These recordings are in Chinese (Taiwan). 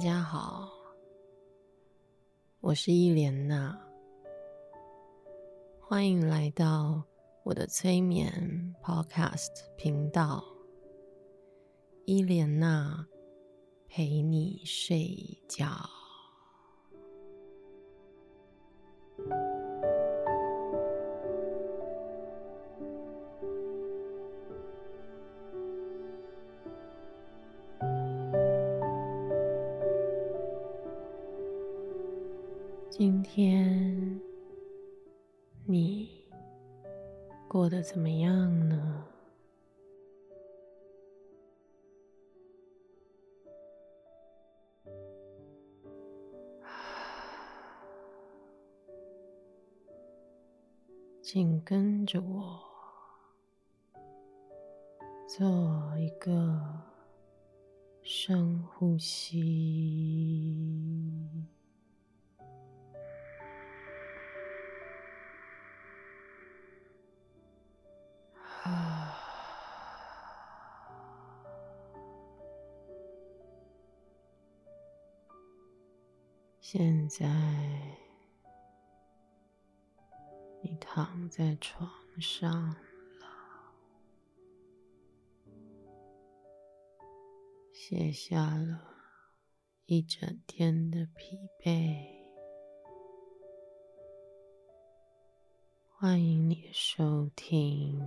大家好，我是伊蓮娜，歡迎來到我的催眠 Podcast 頻道，伊蓮娜陪你睡覺。今天你過得怎麼樣呢？請跟着我做一個深呼吸。現在，你躺在床上了，卸下了一整天的疲憊。歡迎你收聽。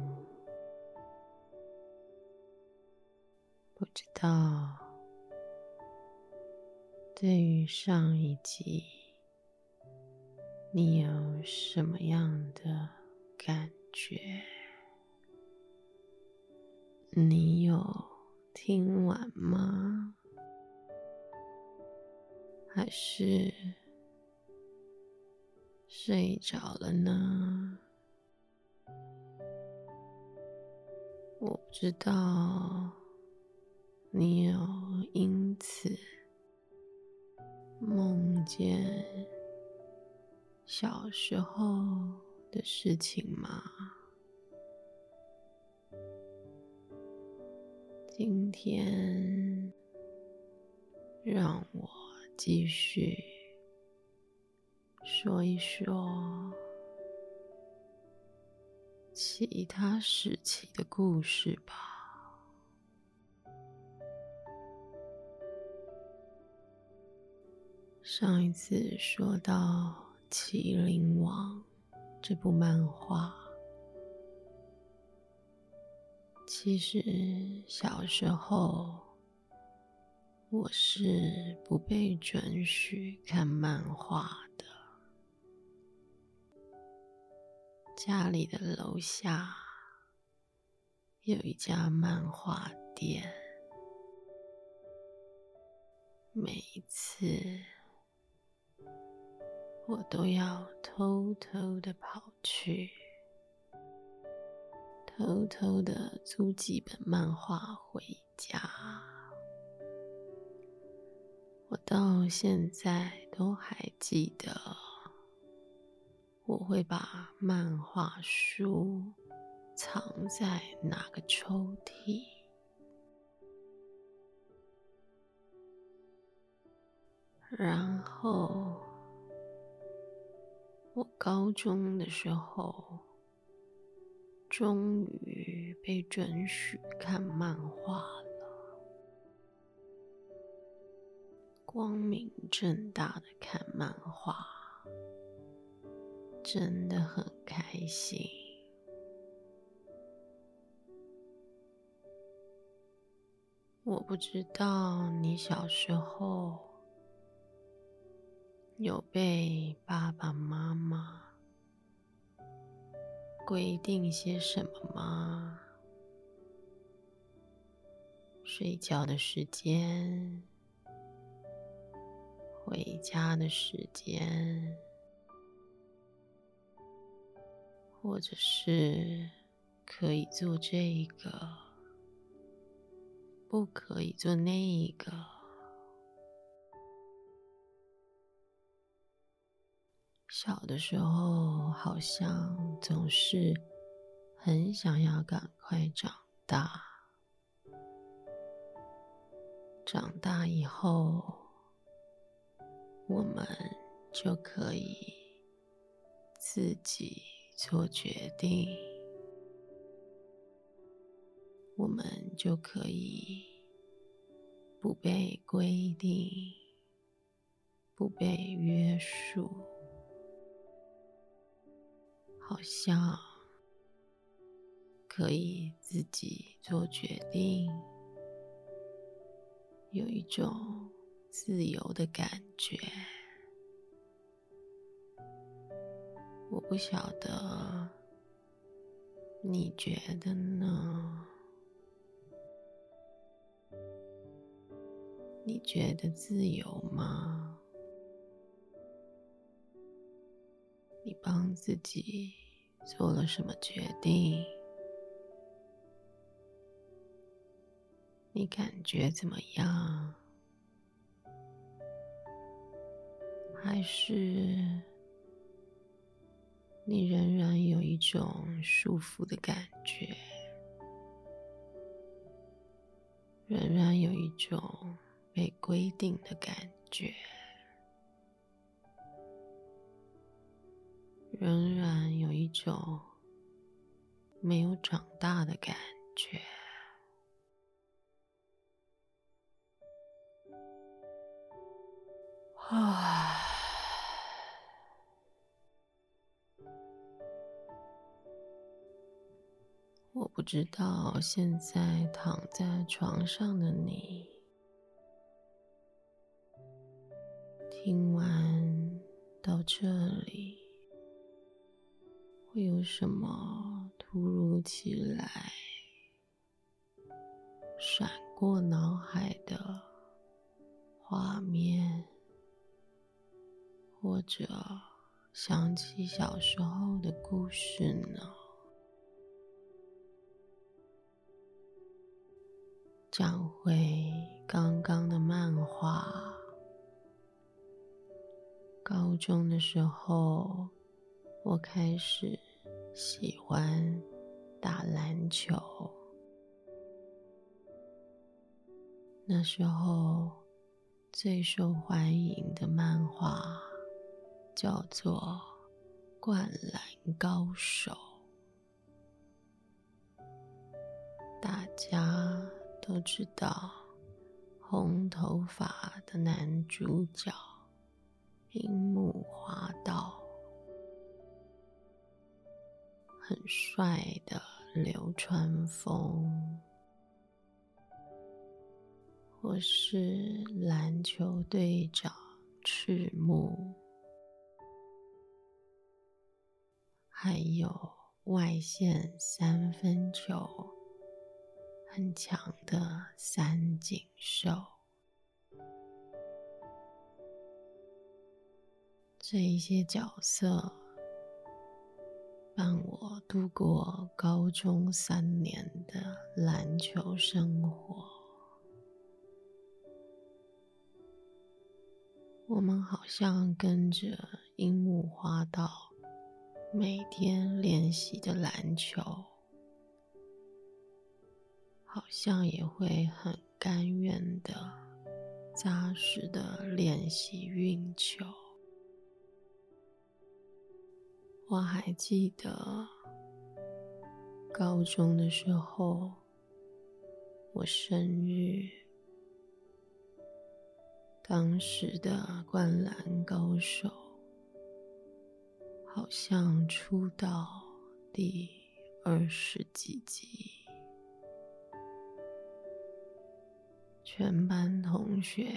不知道，對於上一集，你有什麼樣的感覺？你有聽完嗎？還是睡着了呢？我不知道。你有因此夢見小時候的事情嗎？今天讓我繼續說一說其他時期的故事吧。上一次說到《麒麟王》這部漫畫，其實小時候我是不被准許看漫畫的。家裡的樓下有一家漫畫店，每一次。我都要偷偷的跑去，偷偷的租幾本漫畫回家。我到現在都還記得，我會把漫畫書藏在哪個抽屜，然後。我高中的時候，終於被准許看漫畫了。光明正大的看漫畫，真的很開心。我不知道你小時候。被爸爸媽媽規定些什麼嗎？睡覺的時間，回家的時間，或者是可以做這個，不可以做那個。小的時候，好像總是很想要趕快長大。長大以後，我們就可以自己做決定，我們就可以不被規定，不被約束。好像可以自己做決定，有一種自由的感覺。我不曉得，你覺得呢？你覺得自由嗎？你幫自己做了什麼決定？你感覺怎麼樣？還是你仍然有一種束縛的感覺，仍然有一種被規定的感覺？仍然有一種沒有長大的感覺。唉，我不知道現在躺在床上的你，聽完到這裡。會有什麼突如其來閃過腦海的畫面，或者想起小時候的故事呢？講回剛剛的漫畫，高中的時候。我開始喜歡打籃球。那時候最受歡迎的漫畫叫做《灌籃高手》，大家都知道紅頭髮的男主角很帥的流川楓，或是籃球隊長赤木，還有外線三分球很強的三井壽，這一些角色。伴我度過高中三年的籃球生活，我們好像跟着櫻木花道每天練習的籃球，好像也會很甘願的扎實的練習運球。我還記得高中的時候，我生日，當時的《灌籃高手》好像出到第二十幾集，全班同學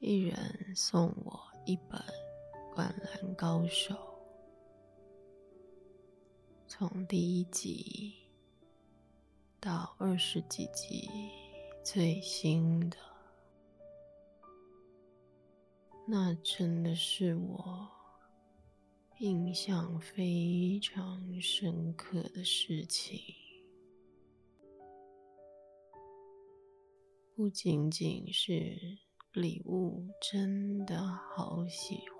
一人送我一本。灌籃高手，從第一集到二十幾集，最新的，那真的是我印象非常深刻的事情。不僅僅是禮物，真的好喜歡。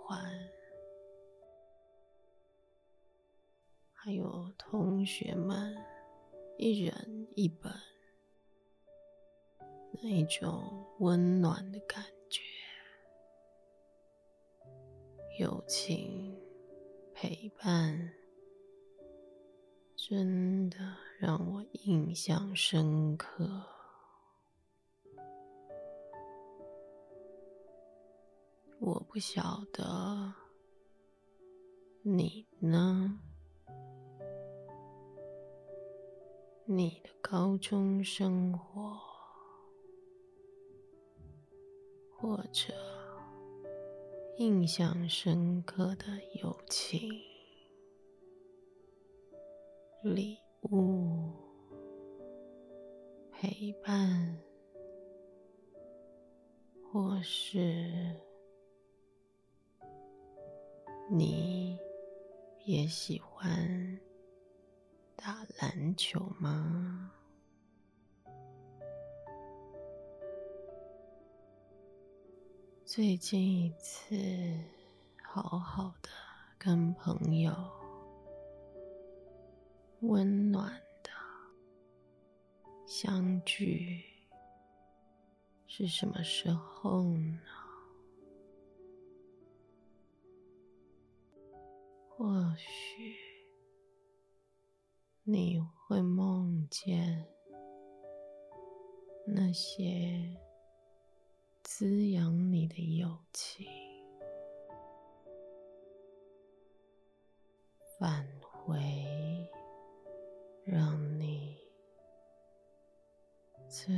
還有同學們一人一本，那一種溫暖的感覺，友情陪伴，真的讓我印象深刻。我不曉得你呢？你的高中生活，或者印象深刻的友情、禮物、陪伴，或是……你也喜歡打籃球嗎？最近一次好好的跟朋友溫暖的相聚是什麼時候呢？或許你會夢見那些滋養你的友情，返回讓你最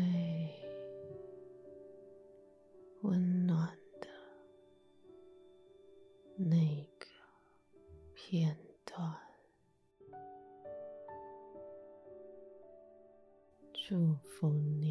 溫暖的那個。片段，祝福你。